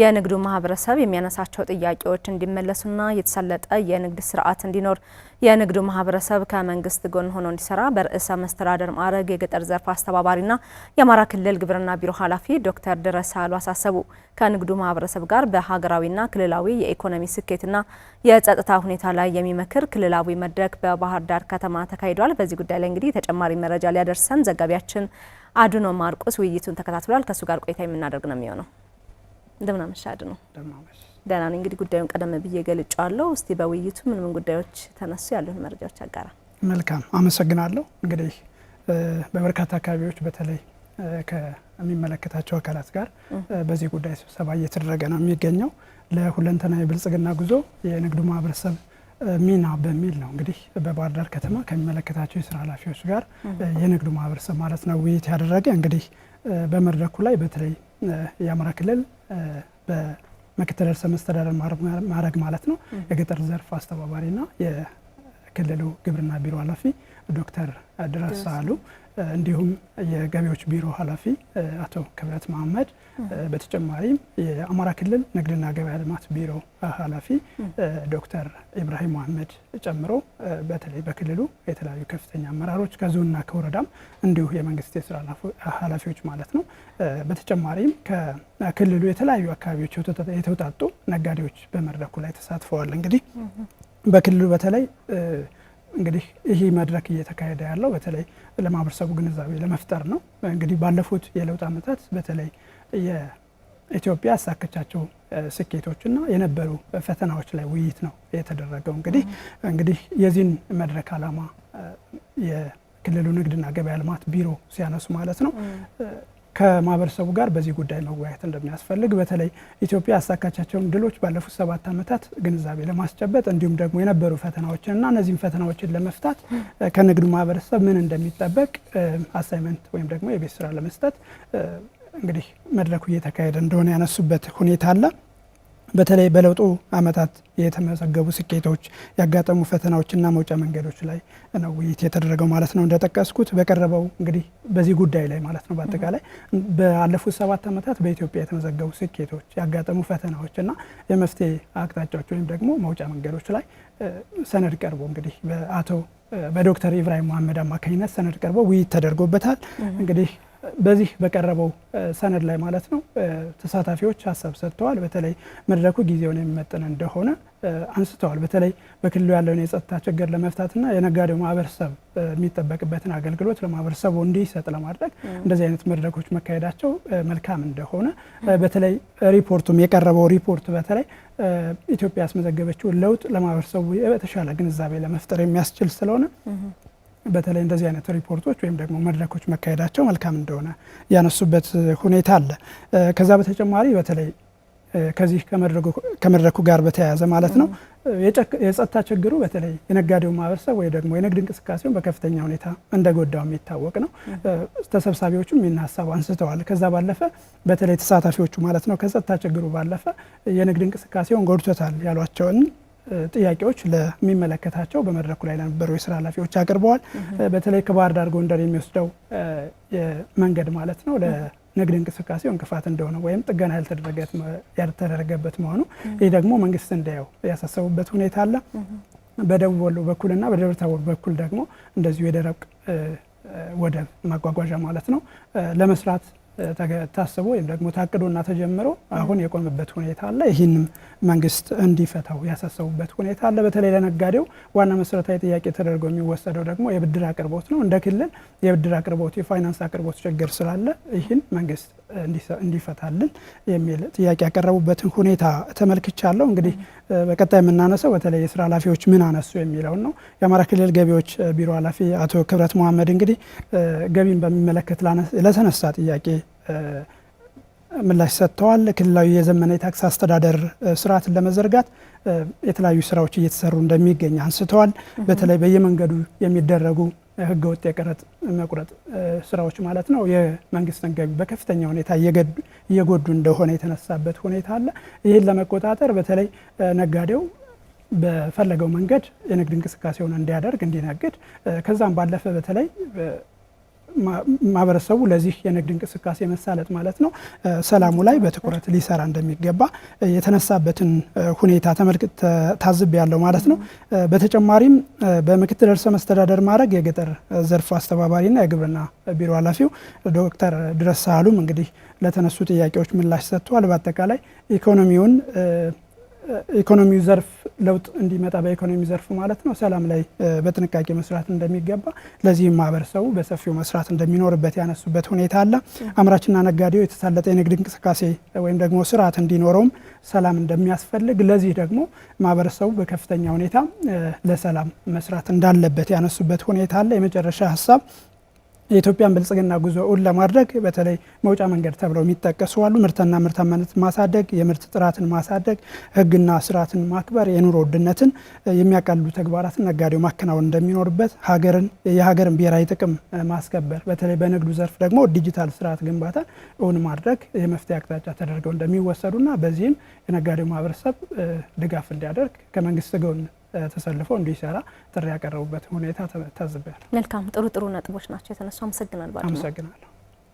የንግዱ ማህበረሰብ የሚያነሳቸው ጥያቄዎች እንዲመለሱና የተሰለጠ የንግድ ስርዓት እንዲኖር የንግዱ ማህበረሰብ ከመንግስት ጎን ሆኖ እንዲሰራ በርዕሰ መስተዳደር ማዕረግ የገጠር ዘርፍ አስተባባሪና የአማራ ክልል ግብርና ቢሮ ኃላፊ ዶክተር ድረስ አሉ አሳሰቡ። ከንግዱ ማህበረሰብ ጋር በሀገራዊና ክልላዊ የኢኮኖሚ ስኬትና የጸጥታ ሁኔታ ላይ የሚመክር ክልላዊ መድረክ በባህር ዳር ከተማ ተካሂዷል። በዚህ ጉዳይ ላይ እንግዲህ ተጨማሪ መረጃ ሊያደርሰን ዘጋቢያችን አድኖ ማርቆስ ውይይቱን ተከታትሏል። ከእሱ ጋር ቆይታ የምናደርግ ነው የሚሆነው እንደምን አመሻ ነው። ደህና ነኝ። እንግዲህ ጉዳዩን ቀደም ብዬ ገልጫለሁ። እስቲ በውይይቱ ምን ምን ጉዳዮች ተነሱ ያሉን መረጃዎች አጋራ። መልካም አመሰግናለሁ። እንግዲህ በበርካታ አካባቢዎች በተለይ ከሚመለከታቸው አካላት ጋር በዚህ ጉዳይ ስብሰባ እየተደረገ ነው የሚገኘው። ለሁለንተና ብልጽግና ጉዞ የንግዱ ማህበረሰብ ሚና በሚል ነው እንግዲህ በባህር ዳር ከተማ ከሚመለከታቸው የስራ ኃላፊዎች ጋር የንግዱ ማህበረሰብ ማለት ነው ውይይት ያደረገ እንግዲህ በመድረኩ ላይ በተለይ የአማራ ክልል በምክትል ርዕሰ መስተዳደር ማዕረግ ማለት ነው የገጠር ዘርፍ አስተባባሪና የክልሉ ግብርና ቢሮ ኃላፊ ዶክተር ድረስ አሉ። እንዲሁም የገቢዎች ቢሮ ኃላፊ አቶ ክብረት መሀመድ በተጨማሪም የአማራ ክልል ንግድና ገበያ ልማት ቢሮ ኃላፊ ዶክተር ኢብራሂም መሀመድ ጨምሮ በተለይ በክልሉ የተለያዩ ከፍተኛ አመራሮች ከዞንና ከወረዳም እንዲሁ የመንግስት የስራ ኃላፊዎች ማለት ነው። በተጨማሪም ከክልሉ የተለያዩ አካባቢዎች የተውጣጡ ነጋዴዎች በመድረኩ ላይ ተሳትፈዋል። እንግዲህ በክልሉ በተለይ እንግዲህ ይህ መድረክ እየተካሄደ ያለው በተለይ ለማህበረሰቡ ግንዛቤ ለመፍጠር ነው። እንግዲህ ባለፉት የለውጥ ዓመታት በተለይ የኢትዮጵያ ያሳከቻቸው ስኬቶችና የነበሩ ፈተናዎች ላይ ውይይት ነው የተደረገው። እንግዲህ እንግዲህ የዚህን መድረክ ዓላማ የክልሉ ንግድና ገበያ ልማት ቢሮ ሲያነሱ ማለት ነው ከማህበረሰቡ ጋር በዚህ ጉዳይ መወያየት እንደሚያስፈልግ በተለይ ኢትዮጵያ ያሳካቻቸውን ድሎች ባለፉት ሰባት ዓመታት ግንዛቤ ለማስጨበጥ እንዲሁም ደግሞ የነበሩ ፈተናዎችን እና እነዚህም ፈተናዎችን ለመፍታት ከንግዱ ማህበረሰብ ምን እንደሚጠበቅ አሳይመንት ወይም ደግሞ የቤት ስራ ለመስጠት እንግዲህ መድረኩ እየተካሄደ እንደሆነ ያነሱበት ሁኔታ አለ። በተለይ በለውጡ ዓመታት የተመዘገቡ ስኬቶች፣ ያጋጠሙ ፈተናዎችና መውጫ መንገዶች ላይ ነው ውይይት የተደረገው ማለት ነው። እንደጠቀስኩት በቀረበው እንግዲህ በዚህ ጉዳይ ላይ ማለት ነው። በአጠቃላይ ባለፉት ሰባት ዓመታት በኢትዮጵያ የተመዘገቡ ስኬቶች፣ ያጋጠሙ ፈተናዎችና የመፍትሄ አቅጣጫዎች ወይም ደግሞ መውጫ መንገዶች ላይ ሰነድ ቀርቦ እንግዲህ በአቶ በዶክተር ኢብራሂም መሀመድ አማካኝነት ሰነድ ቀርቦ ውይይት ተደርጎበታል እንግዲህ በዚህ በቀረበው ሰነድ ላይ ማለት ነው ተሳታፊዎች ሀሳብ ሰጥተዋል። በተለይ መድረኩ ጊዜውን የሚመጥን እንደሆነ አንስተዋል። በተለይ በክልሉ ያለውን የጸጥታ ችግር ለመፍታትና የነጋዴው ማህበረሰብ የሚጠበቅበትን አገልግሎት ለማህበረሰቡ እንዲሰጥ ለማድረግ እንደዚህ አይነት መድረኮች መካሄዳቸው መልካም እንደሆነ በተለይ ሪፖርቱም የቀረበው ሪፖርት በተለይ ኢትዮጵያ ያስመዘገበችውን ለውጥ ለማህበረሰቡ የተሻለ ግንዛቤ ለመፍጠር የሚያስችል ስለሆነ በተለይ እንደዚህ አይነት ሪፖርቶች ወይም ደግሞ መድረኮች መካሄዳቸው መልካም እንደሆነ ያነሱበት ሁኔታ አለ። ከዛ በተጨማሪ በተለይ ከዚህ ከመድረኩ ጋር በተያያዘ ማለት ነው የጸጥታ ችግሩ በተለይ የነጋዴው ማህበረሰብ ወይ ደግሞ የንግድ እንቅስቃሴውን በከፍተኛ ሁኔታ እንደጎዳው የሚታወቅ ነው። ተሰብሳቢዎቹም ይህን ሀሳብ አንስተዋል። ከዛ ባለፈ በተለይ ተሳታፊዎቹ ማለት ነው ከጸጥታ ችግሩ ባለፈ የንግድ እንቅስቃሴውን ጎድቶታል ያሏቸውን ጥያቄዎች ለሚመለከታቸው በመድረኩ ላይ ለነበሩ የስራ ኃላፊዎች አቅርበዋል። በተለይ ከባህር ዳር ጎንደር የሚወስደው መንገድ ማለት ነው ለንግድ እንቅስቃሴው እንቅፋት እንደሆነ ወይም ጥገና ያልተደረገበት መሆኑ ይህ ደግሞ መንግስት እንዲያየው ያሳሰቡበት ሁኔታ አለ። በደቡብ ወሎ በኩልና በደብረ ታቦር በኩል ደግሞ እንደዚሁ የደረቅ ወደብ ማጓጓዣ ማለት ነው ለመስራት ታስቦ ወይም ደግሞ ታቅዶና ተጀምሮ አሁን የቆመበት ሁኔታ አለ። ይህንም መንግስት እንዲፈታው ያሳሰቡበት ሁኔታ አለ። በተለይ ለነጋዴው ዋና መሰረታዊ ጥያቄ ተደርጎ የሚወሰደው ደግሞ የብድር አቅርቦት ነው። እንደ ክልል የብድር አቅርቦት የፋይናንስ አቅርቦት ችግር ስላለ ይህን መንግስት እንዲፈታልን የሚል ጥያቄ ያቀረቡበትን ሁኔታ ተመልክቻለሁ። እንግዲህ በቀጣይ የምናነሰው በተለይ የስራ ኃላፊዎች ምን አነሱ የሚለውን ነው። የአማራ ክልል ገቢዎች ቢሮ ኃላፊ አቶ ክብረት መሐመድ እንግዲህ ገቢን በሚመለከት ለተነሳ ጥያቄ ምላሽ ሰጥተዋል። ክልላዊ የዘመነ የታክስ አስተዳደር ስርዓትን ለመዘርጋት የተለያዩ ስራዎች እየተሰሩ እንደሚገኝ አንስተዋል። በተለይ በየመንገዱ የሚደረጉ ወጥ የቀረጥ መቁረጥ ስራዎች ማለት ነው የመንግስትን ገቢ በከፍተኛ ሁኔታ እየጎዱ እንደሆነ የተነሳበት ሁኔታ አለ። ይህን ለመቆጣጠር በተለይ ነጋዴው በፈለገው መንገድ የንግድ እንቅስቃሴውን እንዲያደርግ እንዲነግድ፣ ከዛም ባለፈ በተለይ ማህበረሰቡ ለዚህ የንግድ እንቅስቃሴ መሳለጥ ማለት ነው ሰላሙ ላይ በትኩረት ሊሰራ እንደሚገባ የተነሳበትን ሁኔታ ታዝብ ያለው ማለት ነው። በተጨማሪም በምክትል ርዕሰ መስተዳደር ማድረግ የገጠር ዘርፍ አስተባባሪና የግብርና ቢሮ ኃላፊው ዶክተር ድረስ ሳህሉም እንግዲህ ለተነሱ ጥያቄዎች ምላሽ ሰጥተዋል። በአጠቃላይ ኢኮኖሚውን ኢኮኖሚው ዘርፍ ለውጥ እንዲመጣ በኢኮኖሚ ዘርፍ ማለት ነው ሰላም ላይ በጥንቃቄ መስራት እንደሚገባ ለዚህም ማህበረሰቡ በሰፊው መስራት እንደሚኖርበት ያነሱበት ሁኔታ አለ። አምራችና ነጋዴው የተሳለጠ የንግድ እንቅስቃሴ ወይም ደግሞ ስርዓት እንዲኖረውም ሰላም እንደሚያስፈልግ፣ ለዚህ ደግሞ ማህበረሰቡ በከፍተኛ ሁኔታ ለሰላም መስራት እንዳለበት ያነሱበት ሁኔታ አለ። የመጨረሻ ሀሳብ የኢትዮጵያን ብልጽግና ጉዞ እውን ለማድረግ በተለይ መውጫ መንገድ ተብለው የሚጠቀሱ አሉ። ምርትና ምርታማነት ማሳደግ፣ የምርት ጥራትን ማሳደግ፣ ሕግና ስርዓትን ማክበር፣ የኑሮ ውድነትን የሚያቃልሉ ተግባራትን ነጋዴው ማከናወን እንደሚኖርበት፣ ሀገርን የሀገርን ብሔራዊ ጥቅም ማስከበር፣ በተለይ በንግዱ ዘርፍ ደግሞ ዲጂታል ስርዓት ግንባታ እውን ማድረግ የመፍትሄ አቅጣጫ ተደርገው እንደሚወሰዱና በዚህም የነጋዴው ማህበረሰብ ድጋፍ እንዲያደርግ ከመንግስት ጎን ተሰልፎ እንዲሰራ ጥሪ ያቀረቡበት ሁኔታ ታዝበያል። መልካም ጥሩ ጥሩ ነጥቦች ናቸው የተነሱ። አመሰግናል። ባ አመሰግናለሁ።